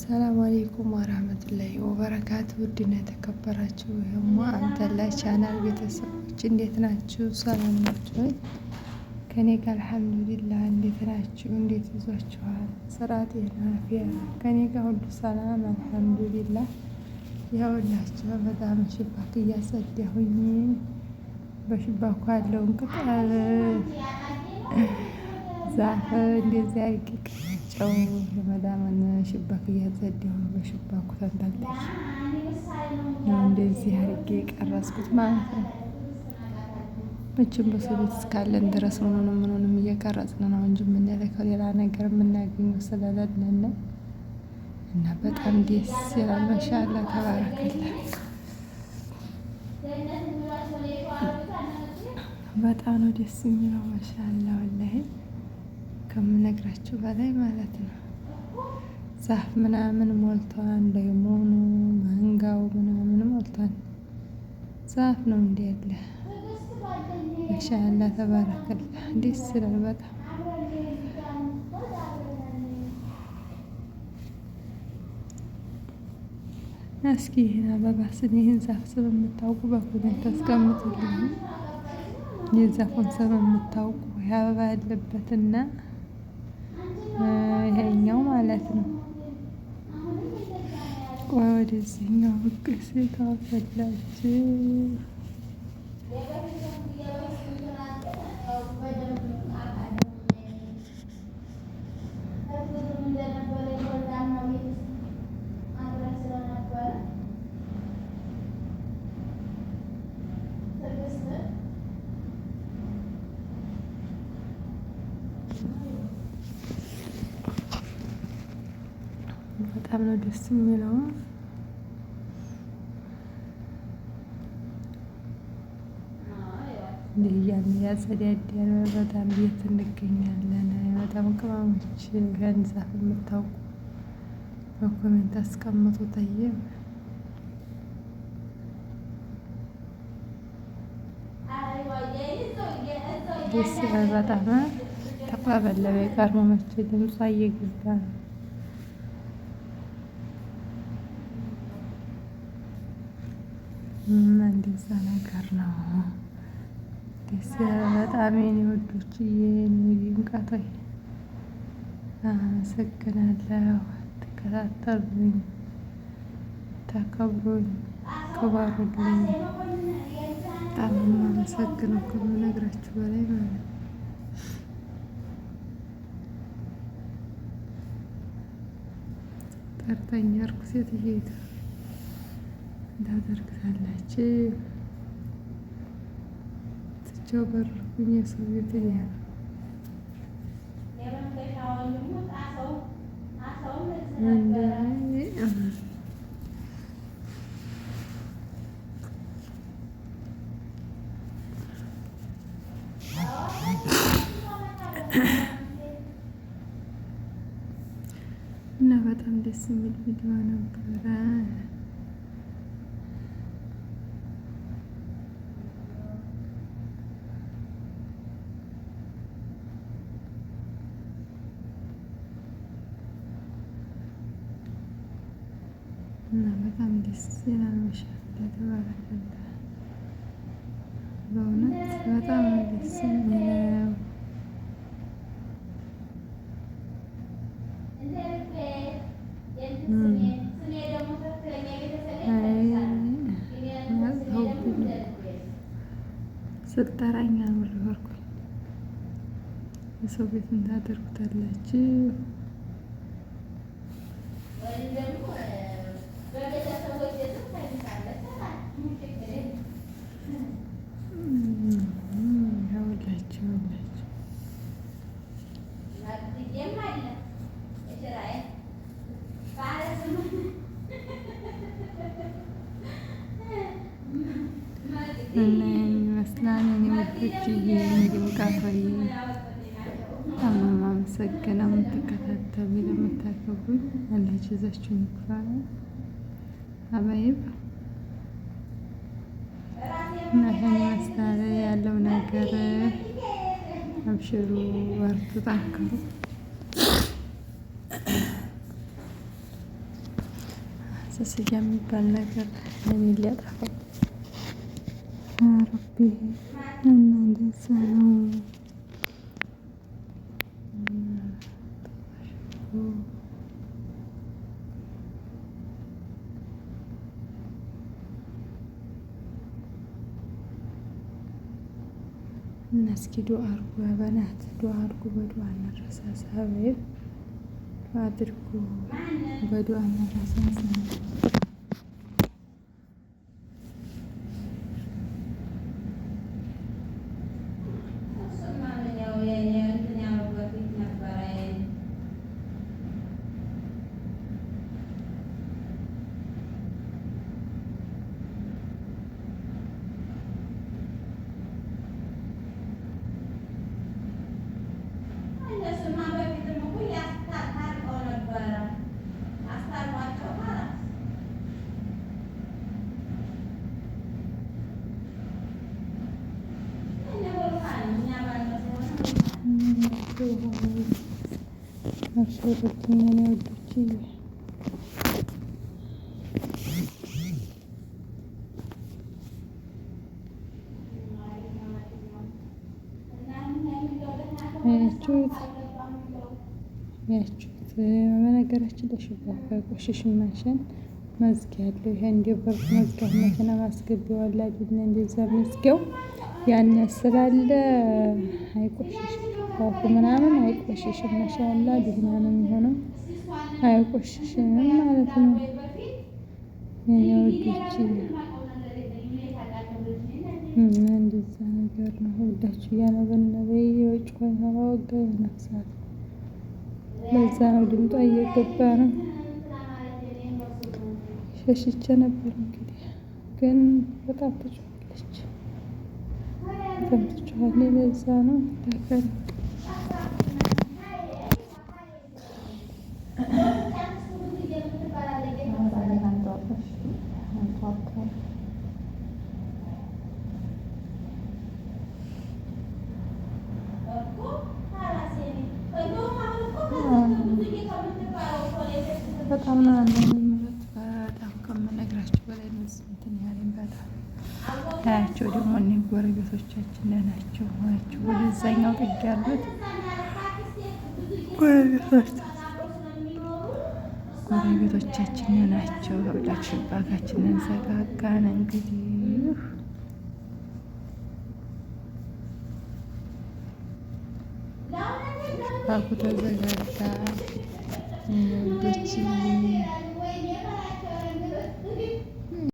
ሰላም አሌይኩም ወራህመቱላሂ ወበረካቱ። ውድና የተከበራችሁ ይህማ አንተላ ቻናል ቤተሰቦች እንዴት ናችሁ? ሰላም ናችሁ? ከኔ ጋር አልሐምዱሊላህ። እንዴት ናችሁ? እንዴት ይዟችኋል? ስራ፣ ጤና፣ አፊያ ከኔ ጋር ሁሉ ሰላም አልሐምዱሊላህ። ያውላችሁ በጣም ሽባክ እያጸዳሁኝ በሽባኩ ያለውን ቅጠል ዛፍ እንደዚያ አድርጌ ጨው የመዳምን ሽባክ እያጸዳሁ በሽባኩ ተንታልታሽ እንደዚህ አድርጌ የቀረስኩት ማለት ነው። መቼም በሰው ቤት እስካለን ድረስ ምኑንም ምኑንም እየቀረጽን ነው እንጂ የምንልከው ሌላ ነገር የምናገኘው ስለሌለን እና በጣም ደስ ይላል። ማሻአላ ተባረከላ። በጣም ነው ደስ የሚለው ማሻአላ ወላሂ ከምነግራችሁ በላይ ማለት ነው። ዛፍ ምናምን ሞልቷን ለይሞኑ ማንጋው ምናምን ሞልቷን ዛፍ ነው እንዲ ያለ ማሻአላ ተባረከላ። ደስ ይላል በጣም እስኪ ይህን አበባ ስም ይህን ዛፍ ስም የምታውቁ በኮሜንት አስቀምጡልኝ። የዛፉን ስም የምታውቁ የአበባ ያለበትና ወደዛኛው ማለት ነው። ቆይ ወደዚህኛው ብቅ ስታፈላችሁ በጣም ነው ደስ የሚለው። እንዲህ እያለ ያጸዳድ በጣም ቤት እንገኛለን። በጣም ቅመሞች ገንዛፍ የምታውቁ በኮሜንት አስቀምጡ። ጠይብ ደስ ይላል በጣም ተቋበለበ የቀርሞ መቼ ድምፅ እየገባ ነው እንደዛ ነገር ነው። ደስ በጣም የኔ ወዶች ይንቃቶይ አመሰግናለሁ። ተከታተሉኝ፣ ተከብሩኝ፣ ክበሩልኝ። በጣም የማመሰግነው ከምነግራችሁ በላይ ማለት ነው። ሴትዬ እንዳደርግታላችሁ ትቸው በርኩኝ የሰው ቤት ያለ እና በጣም ደስ የሚል ቪዲዮ ነበር። እና በጣም ደስ ይላል። ማሻአላ ተባረከላ። በእውነት በጣም ደስ የሚለው ስጠራኛ ወርወርኩኝ የሰው ቤት እንዳደርጉታላችሁ እና ይመስላል እኔ ወዶች የምግብ ቃፈሪ በጣም አመሰግነው። የምትከታተሉ ለምታከቡኝ አላችሁ ይዛችሁ ይክፋል አባይብ እና ይህን ይመስላል ያለው ነገር። አብሽሩ፣ በርቱ፣ ጠንክሩ። ስስያ የሚባል ነገር እኔ ሊያጠፋው يا ربي أنا ننساهم እና እስኪ ዱአ አድርጉ በናት ዱአ አድርጉ። በዱአ እንረሳሳ። ዱአ አድርጉ። በዱአ ያችሁት በነገራችን ለሽቦ ቆሽሽ ማሽን መዝጊያ ያለው ይሄ እንደ በር መዝጊያ መኪና ማስገቢያ አለ አይደል? እንደዛ መዝጊያው ያን ስላለ አይቆሽሽ ፓርኩ ምናምን አይቆሽሽም። ማሻላ ዲህና ነው የሚሆነው አይቆሽሽም ማለት ነው ውዶች። እንደዛ ነገር ነው ወዳችሁ እያነበነበ የውጭ ወጋ ነፍሳት ለዛ ነው ድምጧ እየገባ ነው። ሸሽቼ ነበር እንግዲህ ግን በጣም ትጮኻለች፣ በጣም ትጮኻለች። ለዛ ነው ታከለ በጣም ነው የሚሉት። በጣም ከምነግራችሁ በላይ እንትን ያለኝ በጣም ታያቸው ደግሞ እኔ ጎረቤቶቻችን ናቸው ናቸው ወደዛኛው ጥግ ያሉት ጎረቤቶቻችን ናቸው። ህብላችን ባካችንን ዘጋጋን። እንግዲህ ባኩ ተዘጋጋ ዶች